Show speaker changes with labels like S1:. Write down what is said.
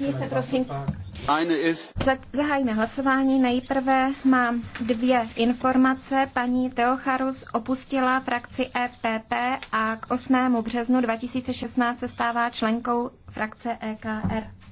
S1: Usaďte se, prosím. Zahájíme hlasování. Nejprve mám dvě informace. Paní Teocharus opustila frakci EPP a k 8. březnu 2016 se stává členkou frakce EKR.